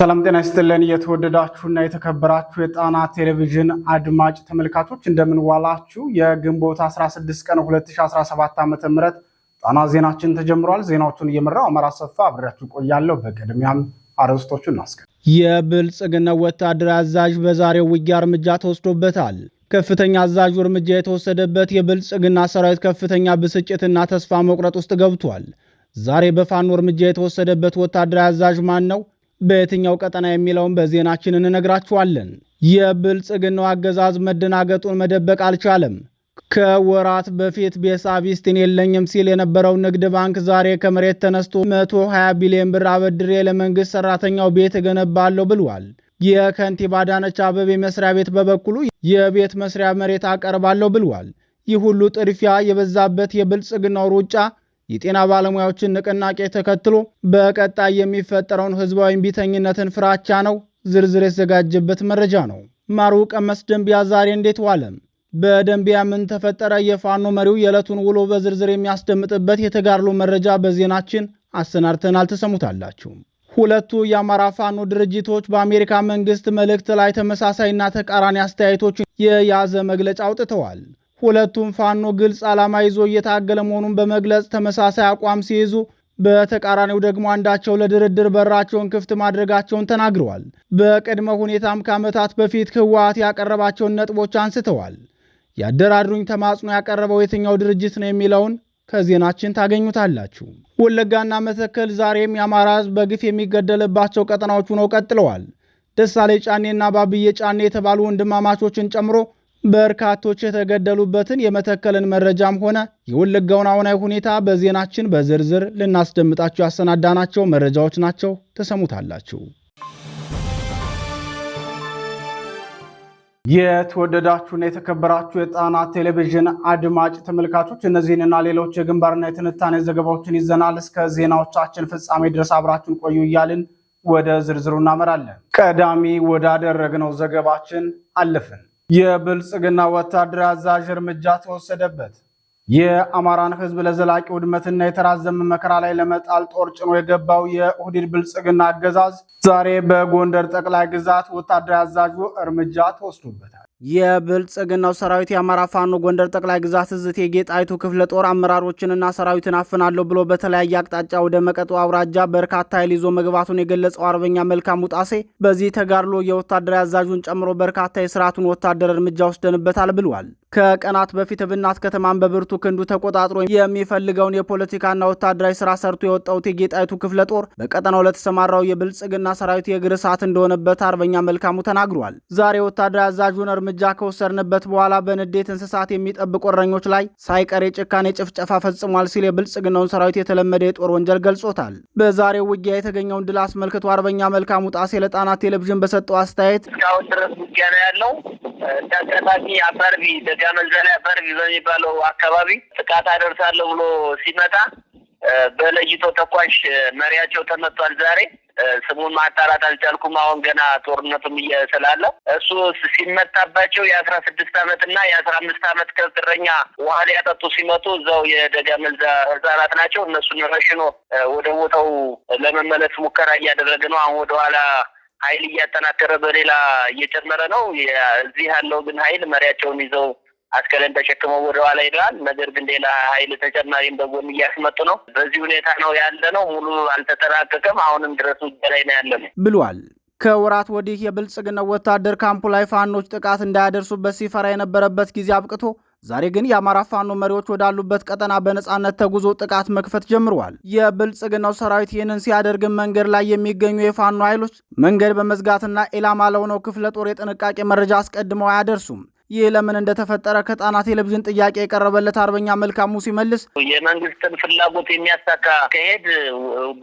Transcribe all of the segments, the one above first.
ሰላም ጤና ይስጥልን። የተወደዳችሁና የተከበራችሁ የጣና ቴሌቪዥን አድማጭ ተመልካቾች እንደምንዋላችሁ። የግንቦት 16 ቀን 2017 ዓ ም ጣና ዜናችን ተጀምሯል። ዜናዎቹን እየመራው አማራ ሰፋ አብሬያችሁ ቆያለሁ። በቅድሚያም አርዕስቶቹን እናስገ የብልጽግናው ወታደር አዛዥ በዛሬው ውጊያ እርምጃ ተወስዶበታል። ከፍተኛ አዛዡ እርምጃ የተወሰደበት የብልጽግና ሰራዊት ከፍተኛ ብስጭትና ተስፋ መቁረጥ ውስጥ ገብቷል። ዛሬ በፋኖ እርምጃ የተወሰደበት ወታደራዊ አዛዥ ማን ነው? በየትኛው ቀጠና የሚለውን በዜናችን እንነግራችኋለን። የብልጽግናው አገዛዝ መደናገጡን መደበቅ አልቻለም። ከወራት በፊት ቤሳቪስቲን የለኝም ሲል የነበረው ንግድ ባንክ ዛሬ ከመሬት ተነስቶ 120 ቢሊዮን ብር አበድሬ ለመንግስት ሰራተኛው ቤት እገነባለሁ ብሏል። የከንቲባ አዳነች አበቤ መስሪያ ቤት በበኩሉ የቤት መስሪያ መሬት አቀርባለሁ ብሏል። ይህ ሁሉ ጥድፊያ የበዛበት የብልጽግናው ሩጫ የጤና ባለሙያዎችን ንቅናቄ ተከትሎ በቀጣይ የሚፈጠረውን ህዝባዊ እምቢተኝነትን ፍራቻ ነው። ዝርዝር የተዘጋጀበት መረጃ ነው። ማሩ ቀመስ ደንቢያ ዛሬ እንዴት ዋለ? በደንቢያ ምን ተፈጠረ? የፋኖ መሪው የዕለቱን ውሎ በዝርዝር የሚያስደምጥበት የተጋድሎ መረጃ በዜናችን አሰናድተናል፣ ተሰሙታላችሁ። ሁለቱ የአማራ ፋኖ ድርጅቶች በአሜሪካ መንግስት መልእክት ላይ ተመሳሳይና ተቃራኒ አስተያየቶች የያዘ መግለጫ አውጥተዋል። ሁለቱም ፋኖ ግልጽ ዓላማ ይዞ እየታገለ መሆኑን በመግለጽ ተመሳሳይ አቋም ሲይዙ በተቃራኒው ደግሞ አንዳቸው ለድርድር በራቸውን ክፍት ማድረጋቸውን ተናግረዋል። በቅድመ ሁኔታም ከዓመታት በፊት ህወሓት ያቀረባቸውን ነጥቦች አንስተዋል። ያደራድሩኝ ተማጽኖ ያቀረበው የትኛው ድርጅት ነው የሚለውን ከዜናችን ታገኙታላችሁ። ወለጋና መተከል ዛሬም የአማራ ህዝብ በግፍ የሚገደልባቸው ቀጠናዎች ሆነው ቀጥለዋል። ደሳሌ ጫኔና ባብዬ ጫኔ የተባሉ ወንድማማቾችን ጨምሮ በርካቶች የተገደሉበትን የመተከልን መረጃም ሆነ የወለጋውን አሁናዊ ሁኔታ በዜናችን በዝርዝር ልናስደምጣችሁ ያሰናዳናቸው መረጃዎች ናቸው። ተሰሙታላችሁ። የተወደዳችሁና የተከበራችሁ የጣና ቴሌቪዥን አድማጭ ተመልካቾች እነዚህንና ሌሎች የግንባርና የትንታኔ ዘገባዎችን ይዘናል። እስከ ዜናዎቻችን ፍጻሜ ድረስ አብራችን ቆዩ እያልን ወደ ዝርዝሩ እናመራለን። ቀዳሚ ወዳደረግነው ዘገባችን አለፍን። የብልጽግና ወታደር አዛዥ እርምጃ ተወሰደበት። የአማራን ህዝብ ለዘላቂ ውድመትና የተራዘመ መከራ ላይ ለመጣል ጦር ጭኖ የገባው የኦህዴድ ብልጽግና አገዛዝ ዛሬ በጎንደር ጠቅላይ ግዛት ወታደር አዛዡ እርምጃ ተወስዶበታል። የብልጽግናው ሰራዊት የአማራ ፋኖ ጎንደር ጠቅላይ ግዛት እዝ እቴጌ ጣይቱ ክፍለ ጦር አመራሮችንና ሰራዊትን አፍናለሁ ብሎ በተለያየ አቅጣጫ ወደ መቀጡ አውራጃ በርካታ ኃይል ይዞ መግባቱን የገለጸው አርበኛ መልካም ውጣሴ በዚህ ተጋድሎ የወታደራዊ አዛዡን ጨምሮ በርካታ የስርዓቱን ወታደር እርምጃ ወስደንበታል ብሏል። ከቀናት በፊት ብናት ከተማን በብርቱ ክንዱ ተቆጣጥሮ የሚፈልገውን የፖለቲካና ወታደራዊ ስራ ሰርቶ የወጣው እቴጌ ጣይቱ ክፍለ ጦር በቀጠናው ለተሰማራው የብልጽግና ሰራዊት የእግር እሳት እንደሆነበት አርበኛ መልካሙ ተናግሯል። ዛሬ ወታደራዊ አዛዡን እርምጃ ከወሰድንበት በኋላ በንዴት እንስሳት የሚጠብቁ እረኞች ላይ ሳይቀር የጭካኔ ጭፍጨፋ ፈጽሟል ሲል የብልጽግናውን ሰራዊት የተለመደ የጦር ወንጀል ገልጾታል። በዛሬው ውጊያ የተገኘውን ድል አስመልክቶ አርበኛ መልካሙ ጣሴ ለጣና ቴሌቪዥን በሰጠው አስተያየት እስካሁን ድረስ ውጊያ ነው ያለው አባርቢ ወዲያ መንዘሪያ በርግ በሚባለው አካባቢ ጥቃት አደርሳለሁ ብሎ ሲመጣ በለይቶ ተኳሽ መሪያቸው ተመቷል። ዛሬ ስሙን ማጣራት አልቻልኩም። አሁን ገና ጦርነቱም እየስላለ እሱ ሲመታባቸው የአስራ ስድስት አመት እና የአስራ አምስት አመት ከብትረኛ ውሃ ላይ ያጠጡ ሲመጡ እዛው የደጋ መልዛ ህጻናት ናቸው። እነሱን ረሽኖ ወደ ቦታው ለመመለስ ሙከራ እያደረገ ነው። አሁን ወደኋላ ኃይል እያጠናከረ በሌላ እየጨመረ ነው። እዚህ ያለው ግን ኃይል መሪያቸውን ይዘው አስከሬን ተሸክመው ወደ ኋላ ሄደዋል። ነገር ግን ሌላ ኃይል ተጨማሪም በጎን እያስመጡ ነው። በዚህ ሁኔታ ነው ያለ ነው። ሙሉ አልተጠናቀቀም። አሁንም ድረስ ውጊያ ላይ ነው ያለ ነው ብሏል። ከወራት ወዲህ የብልጽግናው ወታደር ካምፑ ላይ ፋኖች ጥቃት እንዳያደርሱበት ሲፈራ የነበረበት ጊዜ አብቅቶ ዛሬ ግን የአማራ ፋኖ መሪዎች ወዳሉበት ቀጠና በነጻነት ተጉዞ ጥቃት መክፈት ጀምረዋል። የብልጽግናው ሰራዊት ይህንን ሲያደርግን መንገድ ላይ የሚገኙ የፋኖ ኃይሎች መንገድ በመዝጋትና ኢላማ ለሆነው ክፍለ ጦር የጥንቃቄ መረጃ አስቀድመው አያደርሱም። ይህ ለምን እንደተፈጠረ ከጣና ቴሌቪዥን ጥያቄ የቀረበለት አርበኛ መልካሙ ሲመልስ የመንግስትን ፍላጎት የሚያሳካ ከሄድ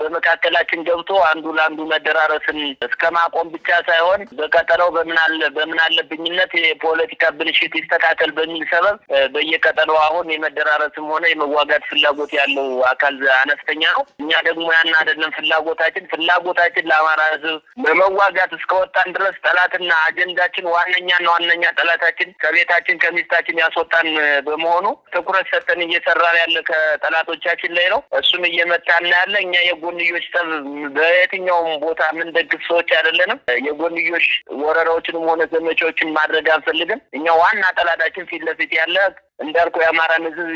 በመካከላችን ገብቶ አንዱ ለአንዱ መደራረስን እስከ ማቆም ብቻ ሳይሆን በቀጠለው በምን አለብኝነት የፖለቲካ ብልሽት ይስተካከል በሚል ሰበብ በየቀጠለው አሁን የመደራረስም ሆነ የመዋጋት ፍላጎት ያለው አካል አነስተኛ ነው። እኛ ደግሞ ያን አይደለም ፍላጎታችን። ፍላጎታችን ለአማራ ህዝብ በመዋጋት እስከወጣን ድረስ ጠላትና አጀንዳችን ዋነኛና ዋነኛ ጠላታችን ከቤታችን ከሚስታችን ያስወጣን በመሆኑ ትኩረት ሰጠን እየሰራ ያለ ከጠላቶቻችን ላይ ነው። እሱን እየመታን ያለ እኛ የጎንዮሽ ጠብ በየትኛውም ቦታ የምንደግፍ ሰዎች አይደለንም። የጎንዮሽ ወረራዎችንም ሆነ ዘመቻዎችን ማድረግ አንፈልግም። እኛ ዋና ጠላታችን ፊት ለፊት ያለ እንዳልኩ የአማራን ሕዝብ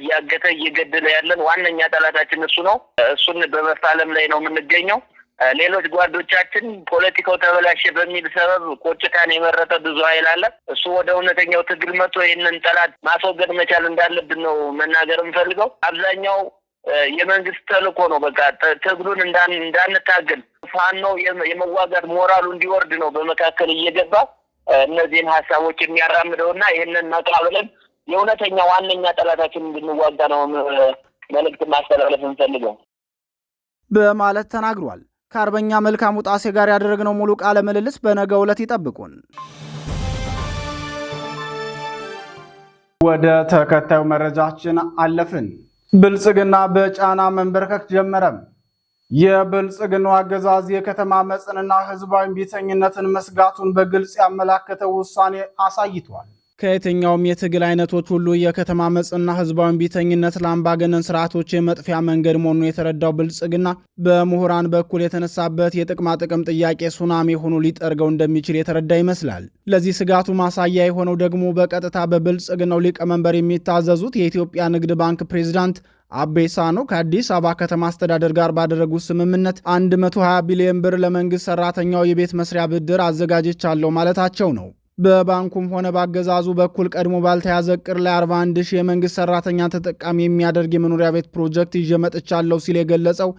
እያገተ እየገደለ ያለን ዋነኛ ጠላታችን እሱ ነው። እሱን በመፋለም ላይ ነው የምንገኘው። ሌሎች ጓዶቻችን ፖለቲካው ተበላሸ በሚል ሰበብ ቆጭታን የመረጠ ብዙ ኃይል አለ። እሱ ወደ እውነተኛው ትግል መጥቶ ይህንን ጠላት ማስወገድ መቻል እንዳለብን ነው መናገር የምፈልገው። አብዛኛው የመንግስት ተልእኮ ነው። በቃ ትግሉን እንዳንታገል ፋኖ የመዋጋት ሞራሉ እንዲወርድ ነው በመካከል እየገባ እነዚህን ሀሳቦች የሚያራምደው እና ይህንን መቃብለን የእውነተኛ ዋነኛ ጠላታችን እንድንዋጋ ነው መልእክት ማስተላለፍ እንፈልገው በማለት ተናግሯል። ከአርበኛ መልካሙ ጣሴ ጋር ያደረግነው ሙሉ ቃለ ምልልስ በነገው ዕለት ይጠብቁን። ወደ ተከታዩ መረጃችን አለፍን። ብልጽግና በጫና መንበርከክ ጀመረም። የብልጽግናው አገዛዝ የከተማ መጽንና ህዝባዊ ቢተኝነትን መስጋቱን በግልጽ ያመላከተው ውሳኔ አሳይቷል። ከየትኛውም የትግል አይነቶች ሁሉ የከተማ መጽና ህዝባዊ ቢተኝነት ለአምባገነን ስርዓቶች የመጥፊያ መንገድ መሆኑ የተረዳው ብልጽግና በምሁራን በኩል የተነሳበት የጥቅማ ጥቅም ጥያቄ ሱናሚ ሆኖ ሊጠርገው እንደሚችል የተረዳ ይመስላል። ለዚህ ስጋቱ ማሳያ የሆነው ደግሞ በቀጥታ በብልጽግናው ሊቀመንበር የሚታዘዙት የኢትዮጵያ ንግድ ባንክ ፕሬዚዳንት ሳኖ ከአዲስ አበባ ከተማ አስተዳደር ጋር ባደረጉት ስምምነት 120 ቢሊዮን ብር ለመንግስት ሰራተኛው የቤት መስሪያ ብድር አዘጋጅቻለሁ ማለታቸው ነው። በባንኩም ሆነ በአገዛዙ በኩል ቀድሞ ባልተያዘ እቅድ ላይ 41 ሺህ የመንግስት ሰራተኛ ተጠቃሚ የሚያደርግ የመኖሪያ ቤት ፕሮጀክት ይዤ መጥቻለሁ ሲል የገለጸው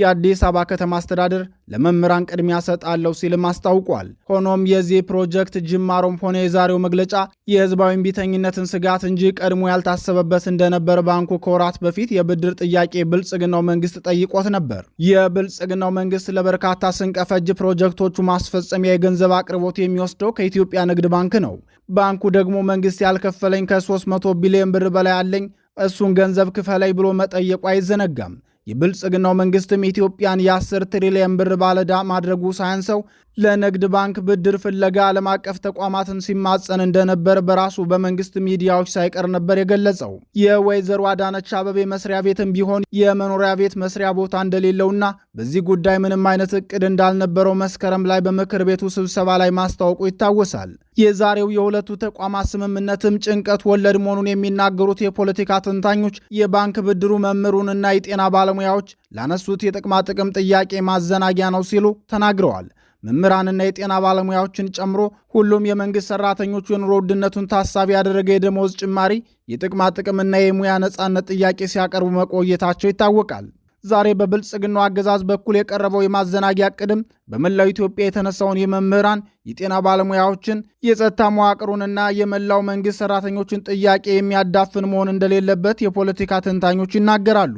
የአዲስ አበባ ከተማ አስተዳደር ለመምህራን ቅድሚያ ሰጣለሁ ሲልም አስታውቋል። ሆኖም የዚህ ፕሮጀክት ጅማሮም ሆነ የዛሬው መግለጫ የህዝባዊ እምቢተኝነትን ስጋት እንጂ ቀድሞ ያልታሰበበት እንደነበር ባንኩ ከወራት በፊት የብድር ጥያቄ ብልጽግናው መንግስት ጠይቆት ነበር። የብልጽግናው መንግስት ለበርካታ ስንቀፈጅ ፕሮጀክቶቹ ማስፈጸሚያ የገንዘብ አቅርቦት የሚወስደው ከኢትዮጵያ ንግድ ባንክ ነው። ባንኩ ደግሞ መንግስት ያልከፈለኝ ከ300 ቢሊዮን ብር በላይ አለኝ እሱን ገንዘብ ክፈላይ ብሎ መጠየቁ አይዘነጋም። የብልጽግናው መንግስትም ኢትዮጵያን የ10 ትሪሊየን ብር ባለዳ ማድረጉ ሳያንሰው ለንግድ ባንክ ብድር ፍለጋ ዓለም አቀፍ ተቋማትን ሲማጸን እንደነበር በራሱ በመንግስት ሚዲያዎች ሳይቀር ነበር የገለጸው። የወይዘሮ አዳነች አበቤ መስሪያ ቤትም ቢሆን የመኖሪያ ቤት መስሪያ ቦታ እንደሌለውና በዚህ ጉዳይ ምንም አይነት እቅድ እንዳልነበረው መስከረም ላይ በምክር ቤቱ ስብሰባ ላይ ማስታወቁ ይታወሳል። የዛሬው የሁለቱ ተቋማት ስምምነትም ጭንቀት ወለድ መሆኑን የሚናገሩት የፖለቲካ ተንታኞች የባንክ ብድሩ መምህሩንና የጤና ባለሙያዎች ላነሱት የጥቅማጥቅም ጥያቄ ማዘናጊያ ነው ሲሉ ተናግረዋል። መምህራንና የጤና ባለሙያዎችን ጨምሮ ሁሉም የመንግስት ሰራተኞች የኑሮ ውድነቱን ታሳቢ ያደረገ የደመወዝ ጭማሪ፣ የጥቅማ ጥቅምና የሙያ ነፃነት ጥያቄ ሲያቀርቡ መቆየታቸው ይታወቃል። ዛሬ በብልጽግናው አገዛዝ በኩል የቀረበው የማዘናጊያ ቅድም በመላው ኢትዮጵያ የተነሳውን የመምህራን የጤና ባለሙያዎችን የጸጥታ መዋቅሩንና የመላው መንግስት ሰራተኞችን ጥያቄ የሚያዳፍን መሆን እንደሌለበት የፖለቲካ ተንታኞች ይናገራሉ።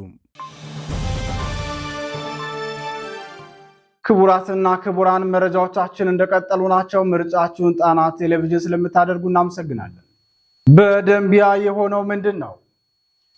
ክቡራትና ክቡራን መረጃዎቻችን እንደቀጠሉ ናቸው። ምርጫችሁን ጣና ቴሌቪዥን ስለምታደርጉ እናመሰግናለን። በደንቢያ የሆነው ምንድን ነው?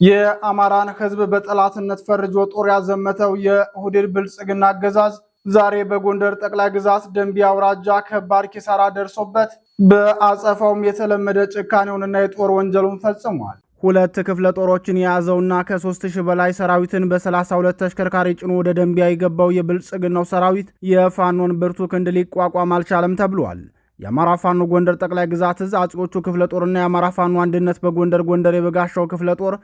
የአማራን ሕዝብ በጠላትነት ፈርጆ ጦር ያዘመተው የኦህዴድ ብልጽግና አገዛዝ ዛሬ በጎንደር ጠቅላይ ግዛት ደንቢያ አውራጃ ከባድ ኪሳራ ደርሶበት በአጸፋውም የተለመደ ጭካኔውንና የጦር ወንጀሉን ፈጽሟል። ሁለት ክፍለ ጦሮችን የያዘውና ከ3000 በላይ ሰራዊትን በ32 ተሽከርካሪ ጭኖ ወደ ደንቢያ የገባው የብልጽግናው ሰራዊት የፋኖን ብርቱ ክንድ ሊቋቋም አልቻለም ተብሏል። የአማራ ፋኖ ጎንደር ጠቅላይ ግዛት እዝ አጼዎቹ ክፍለ ጦርና የአማራ ፋኖ አንድነት በጎንደር ጎንደር የበጋሻው ክፍለ ጦር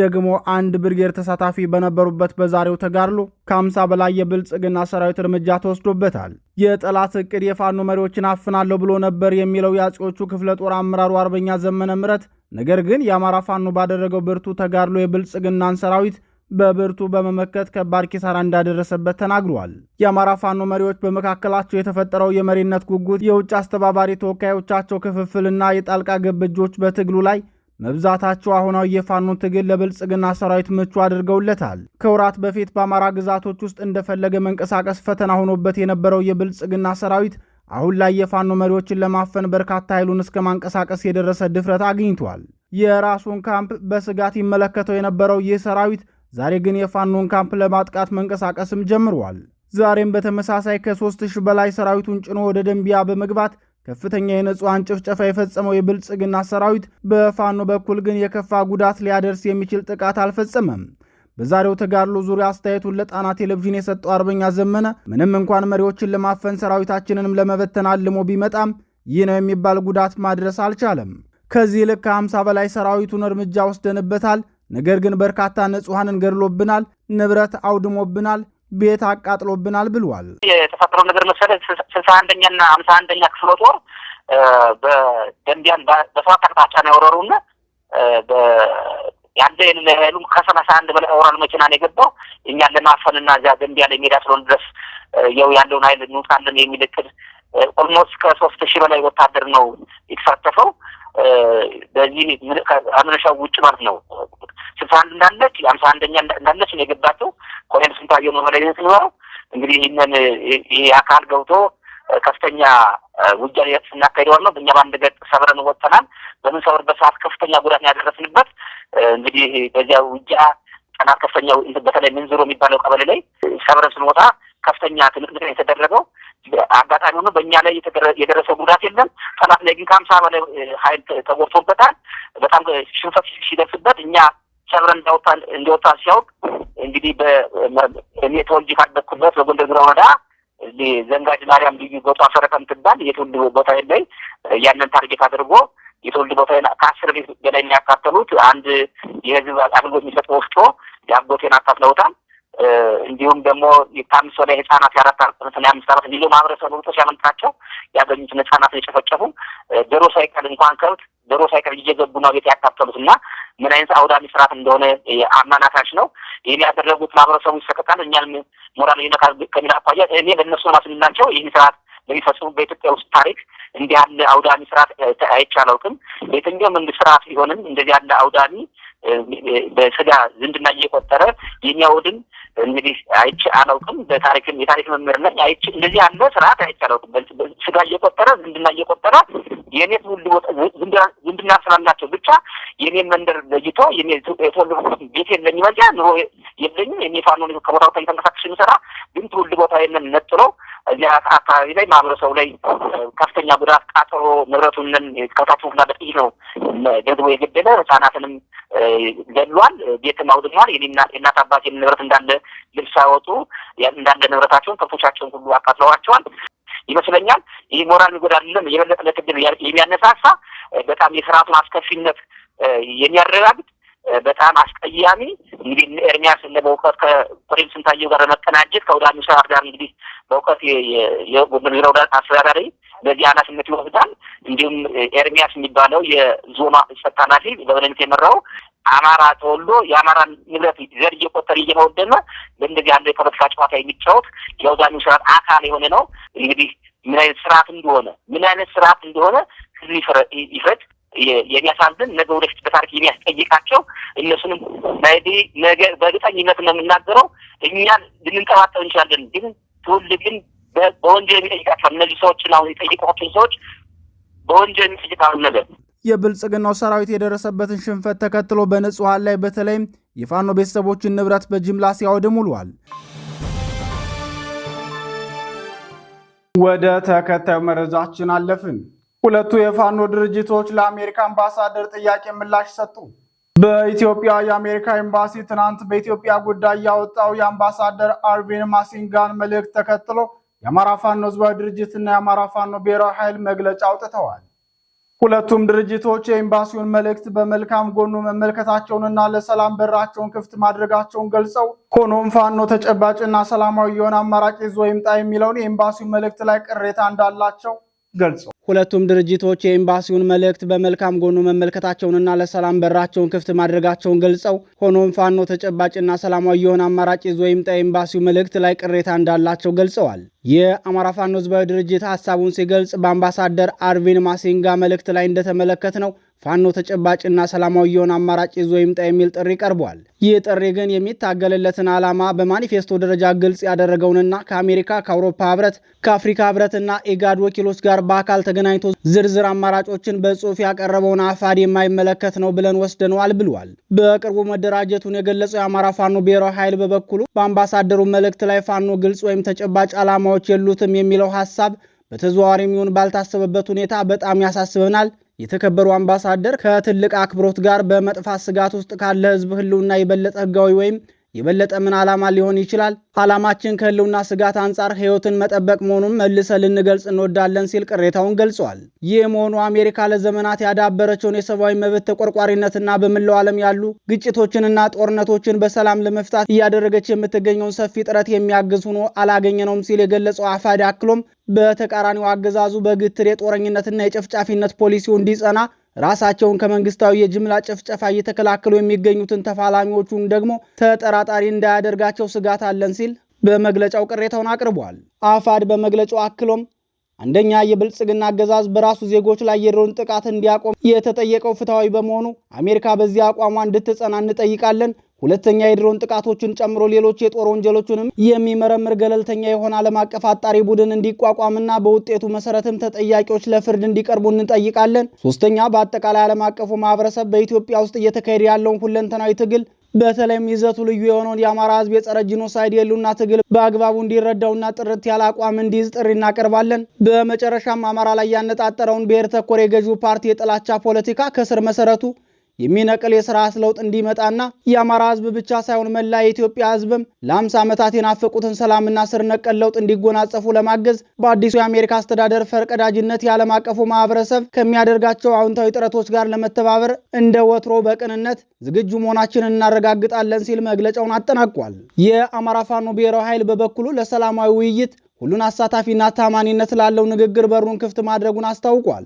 ደግሞ አንድ ብርጌድ ተሳታፊ በነበሩበት በዛሬው ተጋድሎ ከአምሳ በላይ የብልጽግና ሰራዊት እርምጃ ተወስዶበታል። የጠላት እቅድ የፋኖ መሪዎችን አፍናለሁ ብሎ ነበር የሚለው የአጼዎቹ ክፍለ ጦር አመራሩ አርበኛ ዘመነ ምረት ነገር ግን የአማራ ፋኖ ባደረገው ብርቱ ተጋድሎ የብልጽግናን ሰራዊት በብርቱ በመመከት ከባድ ኪሳራ እንዳደረሰበት ተናግሯል። የአማራ ፋኖ መሪዎች በመካከላቸው የተፈጠረው የመሪነት ጉጉት፣ የውጭ አስተባባሪ ተወካዮቻቸው ክፍፍልና የጣልቃ ገብ እጆች በትግሉ ላይ መብዛታቸው አሁናዊ የፋኖን ትግል ለብልጽግና ሰራዊት ምቹ አድርገውለታል። ከወራት በፊት በአማራ ግዛቶች ውስጥ እንደፈለገ መንቀሳቀስ ፈተና ሆኖበት የነበረው የብልጽግና ሰራዊት አሁን ላይ የፋኖ መሪዎችን ለማፈን በርካታ ኃይሉን እስከ ማንቀሳቀስ የደረሰ ድፍረት አግኝቷል። የራሱን ካምፕ በስጋት ይመለከተው የነበረው ይህ ሰራዊት ዛሬ ግን የፋኖን ካምፕ ለማጥቃት መንቀሳቀስም ጀምሯል። ዛሬም በተመሳሳይ ከሦስት ሺህ በላይ ሰራዊቱን ጭኖ ወደ ደንቢያ በመግባት ከፍተኛ የንጹሐን ጭፍጨፋ የፈጸመው የብልጽግና ሰራዊት በፋኖ በኩል ግን የከፋ ጉዳት ሊያደርስ የሚችል ጥቃት አልፈጸመም። በዛሬው ተጋድሎ ዙሪያ አስተያየቱን ለጣና ቴሌቪዥን የሰጠው አርበኛ ዘመነ ምንም እንኳን መሪዎችን ለማፈን ሰራዊታችንንም ለመበተን አልሞ ቢመጣም ይህ ነው የሚባል ጉዳት ማድረስ አልቻለም። ከዚህ ልክ ከ50 በላይ ሰራዊቱን እርምጃ ወስደንበታል። ነገር ግን በርካታ ንጹሐንን ገድሎብናል፣ ንብረት አውድሞብናል፣ ቤት አቃጥሎብናል ብሏል። የተፈጠረው ነገር መሰለ ስልሳ አንደኛና ሀምሳ አንደኛ ክፍለ ጦር በደንቢያን በሰባት አቅጣጫ ነው የወረሩና ያለ ያሉም ከሰላሳ አንድ በላይ ኦራል መኪና ነው የገባው። እኛን ለማፈንና እዚያ ገንቢያ ላይ ሜዳ ስለሆነ ድረስ የው ያለውን ኃይል እንውጣለን የሚል እቅድ ኦልሞስት ከሶስት ሺህ በላይ ወታደር ነው የተሳተፈው። በዚህ አምነሻው ውጭ ማለት ነው ስልሳ አንድ እንዳለች አምሳ አንደኛ እንዳለች ነው የገባቸው። ኮሎኔል ስንታየው መመለስ ነው እንግዲህ ይህንን ይህ አካል ገብቶ ከፍተኛ ውጊያ ስናካሄድ ዋል ነው። በእኛ በአንድ ገጥ ሰብረን ወጥተናል። በምንሰብርበት ሰዓት ከፍተኛ ጉዳት ያደረስንበት እንግዲህ በዚያ ውጊያ ጥናት ከፍተኛ በተለይ ምንዝሮ የሚባለው ቀበሌ ላይ ሰብረን ስንወጣ ከፍተኛ ትንቅንቅ የተደረገው አጋጣሚ ሆኖ በእኛ ላይ የደረሰው ጉዳት የለም። ጠላት ላይ ግን ከሀምሳ በላይ ኃይል ተጎድቶበታል። በጣም ሽንፈት ሲደርስበት እኛ ሰብረን እንዲወጣ ሲያውቅ እንግዲህ እኔ ተወልጄ ካደግኩበት በጎንደር ዙሪያ ወረዳ እዚህ ዘንጋጅ ማርያም ልዩ ቦታ ፈረፈ ምትባል የትውልድ ቦታ ላይ ያንን ታርጌት አድርጎ የትውልድ ቦታ ከአስር ቤት በላይ የሚያካተሉት አንድ የህዝብ አገልግሎት የሚሰጥ ወፍጮ የአጎቴን አካፍለውታል። እንዲሁም ደግሞ ከአምስት ወደ ህጻናት የአራት ዓመት እና የአምስት ዓመት ሌሎ ማህበረሰብ ወጥቶ ሲያመልጣቸው ያገኙትን ህጻናት የጨፈጨፉ ዶሮ ሳይቀር እንኳን ከብት ዶሮ ሳይቀር እየገቡ ነው ቤት ያካተሉት እና ምን አይነት አውዳሚ ስርዓት እንደሆነ አመላካች ነው። ይህን ያደረጉት ማህበረሰቡ ይሰቀቃል፣ እኛም ሞራል ይነካ ከሚል አኳያ እኔ ለእነሱ ማስንላቸው ይህን ስርዓት በሚፈጽሙ በኢትዮጵያ ውስጥ ታሪክ እንዲህ ያለ አውዳሚ ስርዓት አይቼ አላውቅም። በየትኛው መንግስት ስርዓት ቢሆንም እንደዚህ ያለ አውዳሚ በስጋ ዝንድና እየቆጠረ የሚያውድን እንግዲህ አይቼ አላውቅም። በታሪክም የታሪክ መምህር ነኝ። አይቼ እንደዚህ ያለ ስርዓት አይቼ አላውቅም። ስጋ እየቆጠረ ዝምድና እየቆጠረ የእኔ ትውልድ ዝምድና ስላላቸው ብቻ የኔ መንደር ለይቶ የኔ የተወለድኩት ቤት የለኝ በዚያ ኑሮ የለኝም። የኔ ፋኖ ከቦታ ቦታ እየተንቀሳቀስኩ የሚሰራ ግን ትውልድ ቦታ የለን ነጥሎ እዚያ አካባቢ ላይ ማህበረሰቡ ላይ ከፍተኛ ጉዳት ቃጠሎ፣ ንብረቱንን ከታችሁና በጥይት ነው ገድቦ የገደለ ህጻናትንም ገድሏል። ቤትም አውድሟል። የእናት አባቴን ንብረት እንዳለ ልብስ አወጡ እንዳለ ንብረታቸውን ከብቶቻቸውን ሁሉ አቃጥለዋቸዋል። ይመስለኛል ይህ ሞራል የሚጎዳ አይደለም፣ የበለጠ ለትግል የሚያነሳሳ በጣም የስርዓቱን አስከፊነት የሚያረጋግጥ በጣም አስቀያሚ እንግዲህ ኤርሚያስን በእውቀት ከፕሪም ስንታየው ጋር ለመቀናጀት ከውዳሚ ሰባት ጋር እንግዲህ በእውቀት የጎንደር ወረዳ አስተዳዳሪ በዚህ ኃላፊነት ይወስዳል። እንዲሁም ኤርሚያስ የሚባለው የዞኑ ጸጥታ ኃላፊ በበላይነት የመራው አማራ ተወልዶ የአማራ ንብረት ዘር እየቆጠር እየመወደን ነው። በእንደዚህ ያለ የፖለቲካ ጨዋታ የሚጫወት የአውዳሚ ስርዓት አካል የሆነ ነው። እንግዲህ ምን አይነት ስርዓት እንደሆነ ምን አይነት ስርዓት እንደሆነ ህዝብ ይፍረድ። የሚያሳዝን ነገ ወደፊት በታሪክ የሚያስጠይቃቸው እነሱንም ነገ በእርግጠኝነት ነው የምናገረው። እኛ ልንንጠባጠብ እንችላለን፣ ግን ትውልድ ግን በወንጀል የሚጠይቃቸዋል። እነዚህ ሰዎች አሁን የጠይቋቸውን ሰዎች በወንጀል የሚጠይቃሉ ነገር የብልጽግናው ሰራዊት የደረሰበትን ሽንፈት ተከትሎ በንጹሐን ላይ በተለይም የፋኖ ቤተሰቦችን ንብረት በጅምላ ሲያወድም ውሏል። ወደ ተከታዩ መረጃችን አለፍን። ሁለቱ የፋኖ ድርጅቶች ለአሜሪካ አምባሳደር ጥያቄ ምላሽ ሰጡ። በኢትዮጵያ የአሜሪካ ኤምባሲ ትናንት በኢትዮጵያ ጉዳይ ያወጣው የአምባሳደር አርቪን ማሲንጋን መልእክት ተከትሎ የአማራ ፋኖ ህዝባዊ ድርጅትና የአማራ ፋኖ ብሔራዊ ኃይል መግለጫ አውጥተዋል። ሁለቱም ድርጅቶች የኤምባሲውን መልእክት በመልካም ጎኑ መመልከታቸውንና ለሰላም በራቸውን ክፍት ማድረጋቸውን ገልጸው ሆኖም ፋኖ ተጨባጭና ሰላማዊ የሆነ አማራጭ ይዞ ይምጣ የሚለውን የኤምባሲው መልእክት ላይ ቅሬታ እንዳላቸው ገልጸው ሁለቱም ድርጅቶች የኤምባሲውን መልእክት በመልካም ጎኑ መመልከታቸውንና ለሰላም በራቸውን ክፍት ማድረጋቸውን ገልጸው ሆኖም ፋኖ ተጨባጭና ሰላማዊ የሆነ አማራጭ ይዞ ይምጣ የኤምባሲው መልእክት ላይ ቅሬታ እንዳላቸው ገልጸዋል። የአማራ ፋኖ ህዝባዊ ድርጅት ሀሳቡን ሲገልጽ በአምባሳደር አርቪን ማሲንጋ መልእክት ላይ እንደተመለከት ነው ፋኖ ተጨባጭና ሰላማዊ የሆነ አማራጭ ይዞ ይምጣ የሚል ጥሪ ቀርቧል። ይህ ጥሪ ግን የሚታገልለትን ዓላማ በማኒፌስቶ ደረጃ ግልጽ ያደረገውንና ከአሜሪካ፣ ከአውሮፓ ህብረት፣ ከአፍሪካ ህብረትና ኢጋድ ወኪሎች ጋር በአካል ተገናኝቶ ዝርዝር አማራጮችን በጽሁፍ ያቀረበውን አፋድ የማይመለከት ነው ብለን ወስደነዋል ብሏል። በቅርቡ መደራጀቱን የገለጸው የአማራ ፋኖ ብሔራዊ ኃይል በበኩሉ በአምባሳደሩ መልእክት ላይ ፋኖ ግልጽ ወይም ተጨባጭ ዓላማዎች የሉትም የሚለው ሀሳብ በተዘዋዋሪ የሚሆን ባልታሰበበት ሁኔታ በጣም ያሳስበናል የተከበሩ አምባሳደር ከትልቅ አክብሮት ጋር በመጥፋት ስጋት ውስጥ ካለ ህዝብ ህልውና የበለጠ ህጋዊ ወይም የበለጠ ምን ዓላማ ሊሆን ይችላል? ዓላማችን ከህልውና ስጋት አንጻር ህይወትን መጠበቅ መሆኑን መልሰ ልንገልጽ እንወዳለን ሲል ቅሬታውን ገልጿል። ይህ መሆኑ አሜሪካ ለዘመናት ያዳበረችውን የሰብአዊ መብት ተቆርቋሪነትና በመላው ዓለም ያሉ ግጭቶችንና ጦርነቶችን በሰላም ለመፍታት እያደረገች የምትገኘውን ሰፊ ጥረት የሚያግዝ ሆኖ አላገኘነውም ሲል የገለጸው አፋድ አክሎም በተቃራኒው አገዛዙ በግትር የጦረኝነትና የጨፍጫፊነት ፖሊሲው እንዲጸና ራሳቸውን ከመንግስታዊ የጅምላ ጭፍጨፋ እየተከላከሉ የሚገኙትን ተፋላሚዎቹን ደግሞ ተጠራጣሪ እንዳያደርጋቸው ስጋት አለን ሲል በመግለጫው ቅሬታውን አቅርቧል። አፋድ በመግለጫው አክሎም አንደኛ የብልጽግና አገዛዝ በራሱ ዜጎች ላይ የድሮን ጥቃት እንዲያቆም የተጠየቀው ፍትሐዊ በመሆኑ አሜሪካ በዚህ አቋሟ እንድትጸና እንጠይቃለን። ሁለተኛ የድሮን ጥቃቶችን ጨምሮ ሌሎች የጦር ወንጀሎችንም የሚመረምር ገለልተኛ የሆነ ዓለም አቀፍ አጣሪ ቡድን እንዲቋቋምና በውጤቱ መሰረትም ተጠያቂዎች ለፍርድ እንዲቀርቡ እንጠይቃለን። ሶስተኛ በአጠቃላይ ዓለም አቀፉ ማህበረሰብ በኢትዮጵያ ውስጥ እየተካሄደ ያለውን ሁለንተናዊ ትግል በተለይም ይዘቱ ልዩ የሆነውን የአማራ ህዝብ የጸረ ጂኖሳይድ የሉና ትግል በአግባቡ እንዲረዳውና ጥርት ያለ አቋም እንዲይዝ ጥሪ እናቀርባለን። በመጨረሻም አማራ ላይ ያነጣጠረውን ብሔር ተኮር የገዢው ፓርቲ የጥላቻ ፖለቲካ ከስር መሰረቱ የሚነቅል የስርዓት ለውጥ እንዲመጣና የአማራ ህዝብ ብቻ ሳይሆን መላ የኢትዮጵያ ህዝብም ለአምሳ ዓመታት የናፈቁትን ሰላምና ስር ነቀል ለውጥ እንዲጎናጸፉ ለማገዝ በአዲሱ የአሜሪካ አስተዳደር ፈርቀዳጅነት የዓለም አቀፉ ማህበረሰብ ከሚያደርጋቸው አዎንታዊ ጥረቶች ጋር ለመተባበር እንደ ወትሮ በቅንነት ዝግጁ መሆናችንን እናረጋግጣለን ሲል መግለጫውን አጠናቋል። የአማራ ፋኖ ብሔራዊ ኃይል በበኩሉ ለሰላማዊ ውይይት ሁሉን አሳታፊና ታማኒነት ላለው ንግግር በሩን ክፍት ማድረጉን አስታውቋል።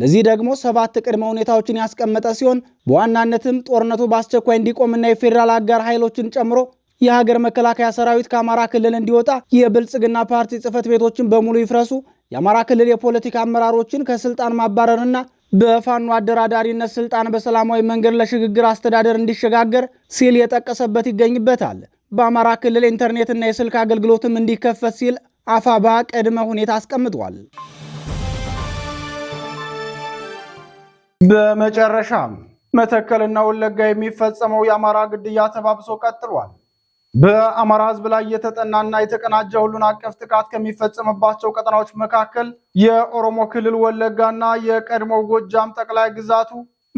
ለዚህ ደግሞ ሰባት ቅድመ ሁኔታዎችን ያስቀመጠ ሲሆን በዋናነትም ጦርነቱ በአስቸኳይ እንዲቆምና የፌዴራል አጋር ኃይሎችን ጨምሮ የሀገር መከላከያ ሰራዊት ከአማራ ክልል እንዲወጣ፣ የብልጽግና ፓርቲ ጽህፈት ቤቶችን በሙሉ ይፍረሱ፣ የአማራ ክልል የፖለቲካ አመራሮችን ከስልጣን ማባረርና በፋኖ አደራዳሪነት ስልጣን በሰላማዊ መንገድ ለሽግግር አስተዳደር እንዲሸጋገር ሲል የጠቀሰበት ይገኝበታል። በአማራ ክልል ኢንተርኔትና የስልክ አገልግሎትም እንዲከፈት ሲል አፋባ ቅድመ ሁኔታ አስቀምጧል። በመጨረሻ መተከልና ወለጋ የሚፈጸመው የአማራ ግድያ ተባብሶ ቀጥሏል። በአማራ ሕዝብ ላይ የተጠናና የተቀናጀ ሁሉን አቀፍ ጥቃት ከሚፈጸምባቸው ቀጠናዎች መካከል የኦሮሞ ክልል ወለጋና የቀድሞ ጎጃም ጠቅላይ ግዛቱ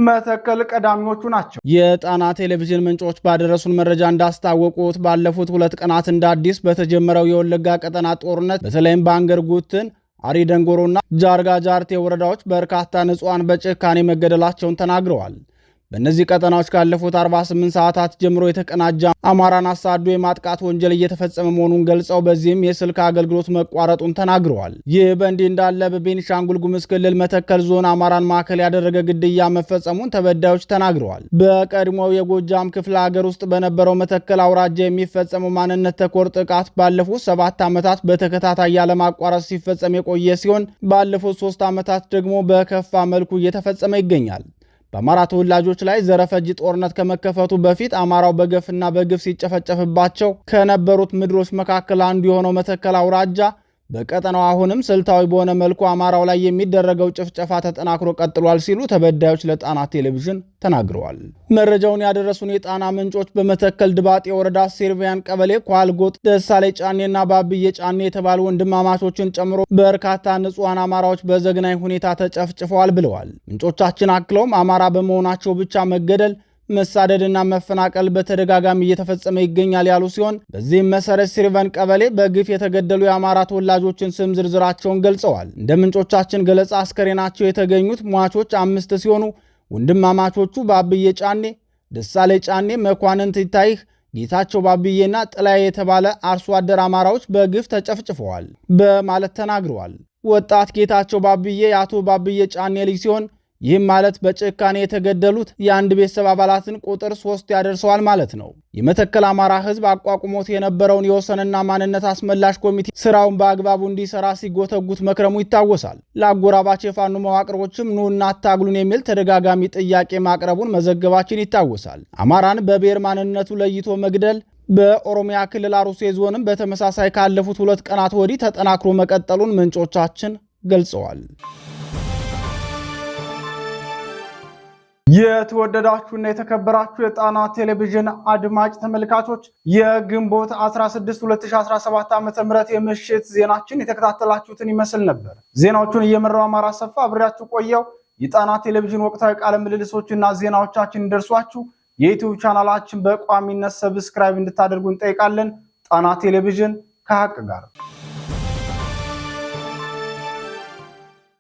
መተከል ቀዳሚዎቹ ናቸው። የጣና ቴሌቪዥን ምንጮች ባደረሱን መረጃ እንዳስታወቁት ባለፉት ሁለት ቀናት እንደ አዲስ በተጀመረው የወለጋ ቀጠና ጦርነት በተለይም በአንገር ጉትን አሪ ደንጎሮና ጃርጋ ጃርቴ ወረዳዎች በርካታ ንጹሐን በጭካኔ መገደላቸውን ተናግረዋል። በእነዚህ ቀጠናዎች ካለፉት 48 ሰዓታት ጀምሮ የተቀናጀ አማራን አሳዶ የማጥቃት ወንጀል እየተፈጸመ መሆኑን ገልጸው በዚህም የስልክ አገልግሎት መቋረጡን ተናግረዋል። ይህ በእንዲህ እንዳለ በቤኒሻንጉል ጉምዝ ክልል መተከል ዞን አማራን ማዕከል ያደረገ ግድያ መፈጸሙን ተበዳዮች ተናግረዋል። በቀድሞው የጎጃም ክፍለ ሀገር ውስጥ በነበረው መተከል አውራጃ የሚፈጸመው ማንነት ተኮር ጥቃት ባለፉት ሰባት ዓመታት በተከታታይ ያለማቋረጥ ሲፈጸም የቆየ ሲሆን ባለፉት ሶስት ዓመታት ደግሞ በከፋ መልኩ እየተፈጸመ ይገኛል። በአማራ ተወላጆች ላይ ዘረፈጂ ጦርነት ከመከፈቱ በፊት አማራው በገፍና በግፍ ሲጨፈጨፍባቸው ከነበሩት ምድሮች መካከል አንዱ የሆነው መተከል አውራጃ በቀጠናው አሁንም ስልታዊ በሆነ መልኩ አማራው ላይ የሚደረገው ጭፍጨፋ ተጠናክሮ ቀጥሏል ሲሉ ተበዳዮች ለጣና ቴሌቪዥን ተናግረዋል። መረጃውን ያደረሱን የጣና ምንጮች በመተከል ድባጤ የወረዳ ሴርቪያን ቀበሌ ኳልጎጥ ደሳሌ ጫኔና ባብዬ ጫኔ የተባሉ ወንድማማቾችን ጨምሮ በርካታ ንጹሐን አማራዎች በዘግናኝ ሁኔታ ተጨፍጭፈዋል ብለዋል። ምንጮቻችን አክለውም አማራ በመሆናቸው ብቻ መገደል መሳደድና መፈናቀል በተደጋጋሚ እየተፈጸመ ይገኛል ያሉ ሲሆን በዚህም መሰረት ሲሪቨን ቀበሌ በግፍ የተገደሉ የአማራ ተወላጆችን ስም ዝርዝራቸውን ገልጸዋል። እንደ ምንጮቻችን ገለጻ አስከሬናቸው የተገኙት ሟቾች አምስት ሲሆኑ ወንድማማቾቹ ባብዬ ጫኔ፣ ደሳሌ ጫኔ፣ መኳንንት ይታይህ ጌታቸው ባብዬና ጥላዬ የተባለ አርሶ አደር አማራዎች በግፍ ተጨፍጭፈዋል በማለት ተናግረዋል። ወጣት ጌታቸው ባብዬ የአቶ ባብዬ ጫኔ ልጅ ሲሆን ይህም ማለት በጭካኔ የተገደሉት የአንድ ቤተሰብ አባላትን ቁጥር ሶስት ያደርሰዋል ማለት ነው። የመተከል አማራ ህዝብ አቋቁሞት የነበረውን የወሰንና ማንነት አስመላሽ ኮሚቴ ስራውን በአግባቡ እንዲሰራ ሲጎተጉት መክረሙ ይታወሳል። ለአጎራባች የፋኑ መዋቅሮችም ኑ እናታግሉን የሚል ተደጋጋሚ ጥያቄ ማቅረቡን መዘገባችን ይታወሳል። አማራን በብሔር ማንነቱ ለይቶ መግደል በኦሮሚያ ክልል አሩሴ ዞንም በተመሳሳይ ካለፉት ሁለት ቀናት ወዲህ ተጠናክሮ መቀጠሉን ምንጮቻችን ገልጸዋል። የተወደዳችሁና የተከበራችሁ የጣና ቴሌቪዥን አድማጭ ተመልካቾች የግንቦት 16 2017 ዓ ም የምሽት ዜናችን የተከታተላችሁትን ይመስል ነበር። ዜናዎቹን እየመራው አማራ ሰፋ አብሬያችሁ ቆየው። የጣና ቴሌቪዥን ወቅታዊ ቃለ ምልልሶችና ዜናዎቻችን እንደርሷችሁ የዩቲዩብ ቻናላችን በቋሚነት ሰብስክራይብ እንድታደርጉ እንጠይቃለን። ጣና ቴሌቪዥን ከሀቅ ጋር